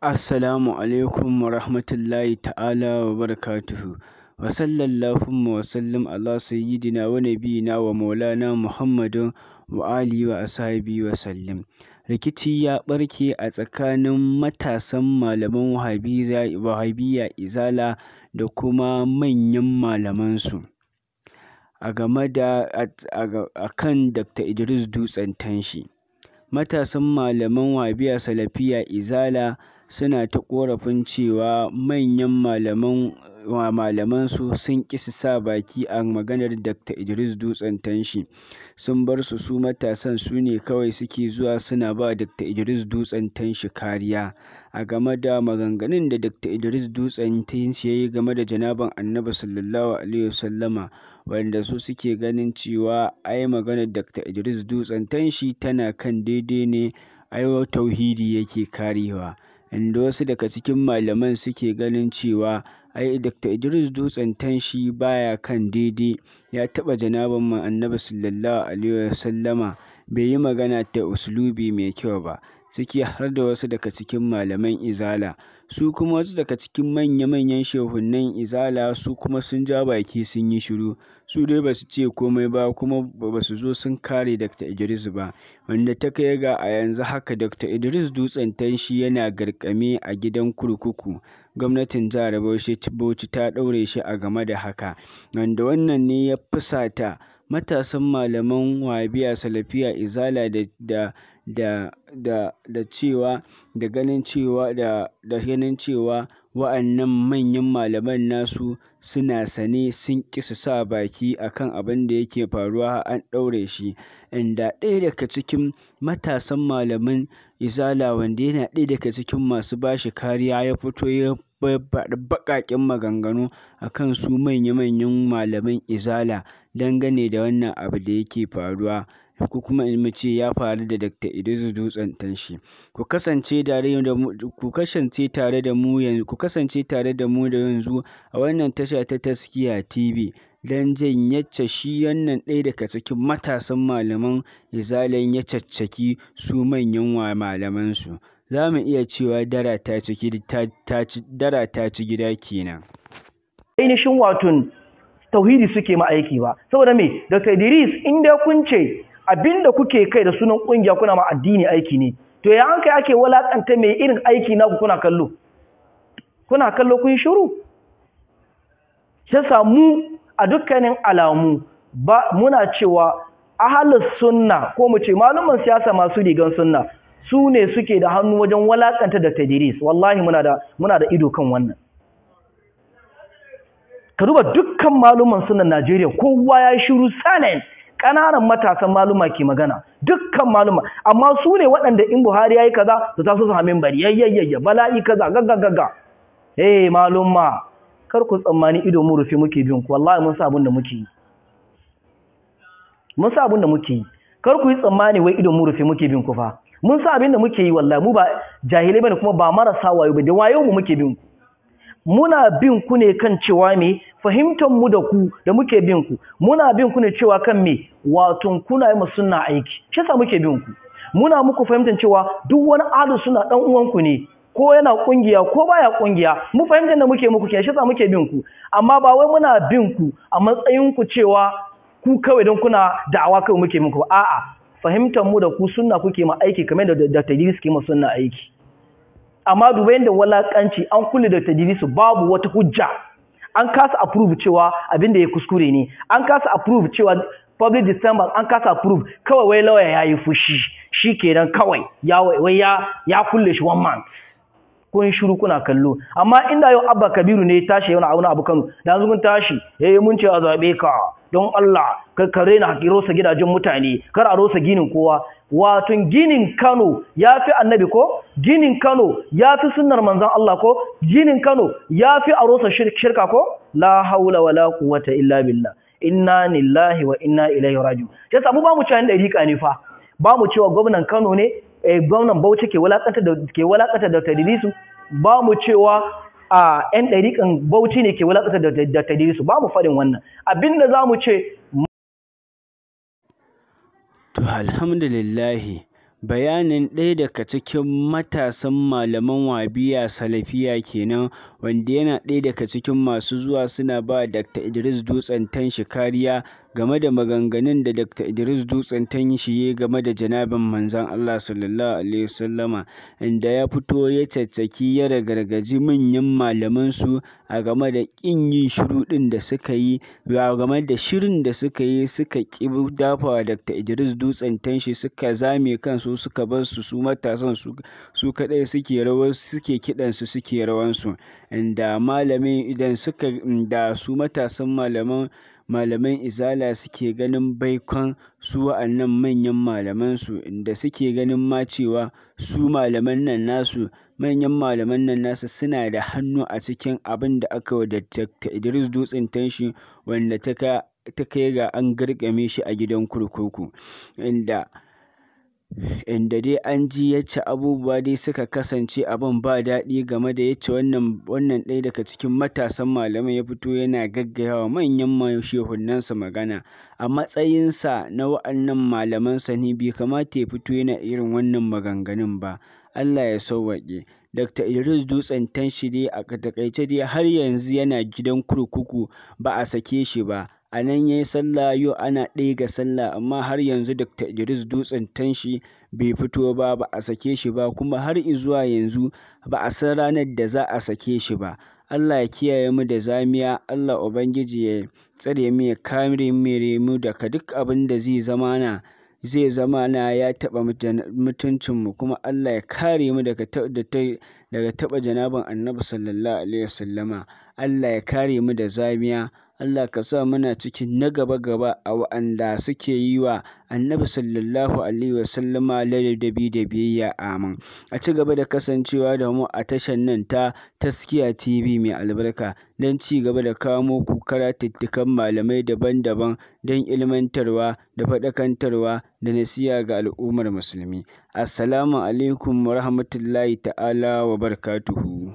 Assalamu alaikum wa rahmatullahi ta'ala wa barakatuhu. Wa sallallahu wa sallam ala sayyidina wa nabiyina wa maulana muhammadu wa ali wa ashabi wa sallam Rikici ya barke a tsakanin matasan malaman wahabiyya izala da kuma manyan malamansu. A game da a kan Dr. Idris Dutsen Tanshi. Matasan malaman wahabiyya salafiyya izala suna ta ƙorafin cewa manyan malamansu sun ƙi su sa baki a maganar Dr. Idris Dutsen Tanshi, sun bar su su matasan su ne kawai suke zuwa suna ba Dr. Idris Dutsen Tanshi kariya a game da maganganun da Dr. Idris Dutsen Tanshi ya yi game da janaban Annabi sallallahu alaihi wasallama wanda su suke ganin cewa ai maganar Dr. Idris Dutsen Tanshi tana kan daidai ne ai tauhidi yake karewa. inda wasu daga cikin malaman suke ganin cewa ai Dr. Idris Dutsen tanshi baya kan daidai, ya taɓa janabar Annabi Sallallahu Alaihi Wasallama, bai yi magana ta uslubi mai kyau ba, ciki har da wasu daga cikin malaman Izala. Su kuma wasu daga cikin manya-manyan shehunan Izala su kuma sun ja baki sun yi shiru, su dai ba su ce komai ba kuma ba su zo sun kare Dr. Idris ba, wanda ta kai ga a yanzu haka Dr. Idris Dutsen Tanshi yana garkame a gidan kurkuku. Gwamnatin Jihar Bauchi ta ɗaure shi a game da haka, wanda wannan ne ya fusata matasan malaman Wabiya Salafiya Izala da da cewa da ganin cewa da ganin cewa wa'annan manyan malaman nasu suna sane sun ƙi su sa baki akan abin da yake faruwa an ɗaure shi inda ɗaya daga cikin matasan malamin izala wanda yana ɗaya daga cikin masu bashi kariya ya fito ya baƙaƙen maganganu a kan su manya-manyan malaman izala dangane da wannan abu da yake faruwa ko kuma in mu ya faru da Dr. Idris Dutsen Tanshi ku kasance tare da mu ku kasance tare da mu yanzu ku kasance tare da mu da yanzu a wannan tasha ta Taskiya TV don jin yacce shi wannan ɗaya daga cikin matasan malaman izalen ya caccaki su manyan wa malamansu za mu iya cewa dara ta ci gida kenan ainihin watun tauhidi suke ma'aiki ba saboda me da Idris in dai kun ce abinda kuke kai da sunan kungiya kuna ma addini aiki ne to ya an kai ake walakanta mai irin aiki na kuna kallo kuna kallo kun shiru sai samu a dukkanin alamu ba muna cewa ahlus sunna ko mu ce malaman siyasa masu rigan sunna su ne suke da hannu wajen walakanta da tadiris wallahi muna da ido kan wannan ka duba dukkan malaman sunnan Najeriya kowa ya shiru silent ƙananan matasan maluma ke magana dukkan maluma amma su ne waɗanda in Buhari yayi kaza su taso su hamin bari yayyayya bala'i kaza gaggagagga eh maluma kar ku tsammani ido mu rufe muke bin ku wallahi mun sa abin da muke yi mun sa abin da muke yi kar ku yi tsammani wai ido mu rufe muke bin ku fa mun sa abin da muke yi wallahi mu ba jahilai bane kuma ba marasa wayo ba da wayo mu muke bin ku muna bin ku ne kan cewa me fahimtar mu da ku da muke bin ku muna bin ku ne cewa kan me wato kuna yi sunna aiki shi yasa muke bin ku muna muku fahimtar cewa duk wani alu suna dan uwan ku ne ko yana kungiya ko baya kungiya mu fahimtar da muke muku kenan shi yasa muke bin ku amma ba wai muna bin ku a matsayin ku cewa ku kawai don kuna da'awa kawai muke muku a'a fahimtar mu da ku sunna kuke ma aiki kamar da da tajiri suke ma sunna aiki amma dubai da walakanci an kulle da tadirisu babu wata hujja an kasa approve cewa abin da ya kuskure ne an kasa approve cewa public december an kasa approve kawai wai ya yi fushi shi kenan kawai ya ya kulle shi one month ko in shiru kuna kallo amma inda yau abba kabiru ne tashi yana auna abu kano da yanzu kun tashi ya eh, mun ce a zaɓe ka don Allah kar ka raina rosa gidajen mutane kar a rosa ginin kowa wato ginin Kano ya fi annabi ko ginin Kano ya fi sunnar manzan Allah ko ginin Kano ya fi a rosa shirka ko la haula la quwwata illa billah inna lillahi wa inna ilaihi raji'un sai ba mu cewa dariƙa ne fa ba mu cewa gwamnan Kano ne Eh, gwamnan Bauchi ke walakanta da ke walakanta da Tadirisu ba mu cewa a yan ɗariƙan Bauchi ne ke walakanta da da Tadirisu ba mu faɗin wannan abinda za mu ce to alhamdulillah bayanin ɗaya daga cikin matasan malaman wabiya salafiya kenan wanda yana ɗaya daga cikin masu zuwa suna ba Dr. Idris Dutsen Tanshi kariya game da maganganun da Dr. Idris Dutsen yi ya game da janabin manzan Allah sallallahu alaihi wasallama inda ya fito ya caccaki ya ragargaji manyan malaman su a game da kin yin shiru da suka yi a game da shirin da suka yi suka ki dafawa Dr. Idris Dutsen shi suka zame kansu suka bar su su matasan su su kadai suke rawar suke kidan su suke rawansu inda malamin idan suka da su matasan malaman malaman izala suke ganin baikon su wa'annan manyan malaman su inda suke ganin ma cewa su malaman nan nasu manyan malaman nan nasu suna da hannu a cikin abin da aka wa Dr. Idris Dutsen Tanshi wanda ta kai ga an garkame shi a gidan kurkuku inda inda dai an ji yacce abubuwa dai suka kasance abin ba daɗi game da yacce wannan wannan ɗaya daga cikin matasan malaman ya fito yana gaggaya wa manyan shehunansa magana a matsayinsa na wa'annan malaman ne bai kamata ya fito yana irin wannan maganganun ba Allah ya sauwaƙe Dr. Idris Dutsen Tanshi dai a takaice dai har yanzu yana gidan kurkuku ba a sake shi ba a nan ya yi sallah yau ana ɗiga sallah amma har yanzu Dr. Idris Dutsen tanshi bai fito ba ba a sake shi ba kuma har zuwa yanzu ba a san ranar da za a sake shi ba Allah ya kiyaye mu da zamiya Allah ubangiji ya tsare mu ya kare mu daga duk abin da zai zama na zai zama na ya taɓa mu, kuma Allah ya kare mu daga daga taɓa janabin annabi sallallahu alaihi wasallama Allah ya kare mu da zamiya Allah ka sa muna cikin na gaba-gaba a wa'anda suke yi wa Annabi sallallahu alaihi wasallama ladabi da biyayya amin a ci gaba da kasancewa da mu a tashar nan ta Taskiya TV mai albarka don ci gaba da kamo muku karatuttukan malamai daban-daban don ilmantarwa da faɗakantarwa da nasiya ga al'ummar musulmi assalamu alaikum wa rahmatullahi ta'ala wa barkatuhu